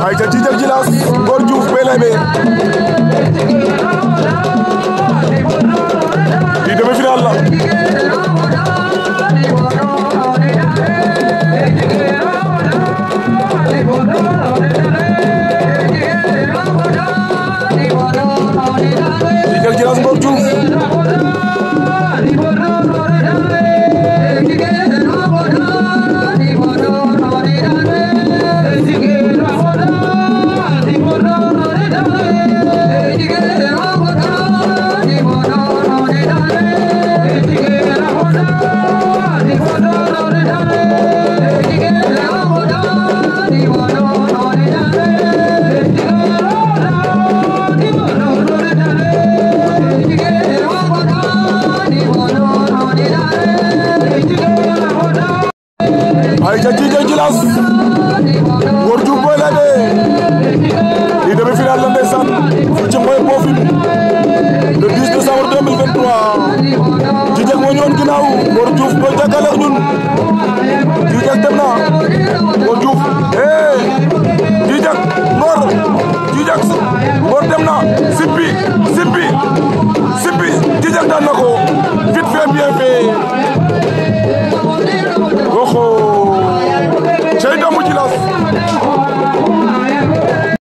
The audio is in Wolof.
ay ca Jijak Jilaas Ngor Diouf Belebe di demi-final la Thank you. ay ca Dj Djilass Ngor Diouf boy la de lii demi-finale la ndeysaan fu ci Ngoye Pofim le 10 décembre 2023 Djilass moo ñëwoon ginnaaw Ngor Diouf mooy jàkkaarloo ak ñun Djilass dem na Ngor Diouf eh Djilass Ngor Djilass Ngor dem na agora.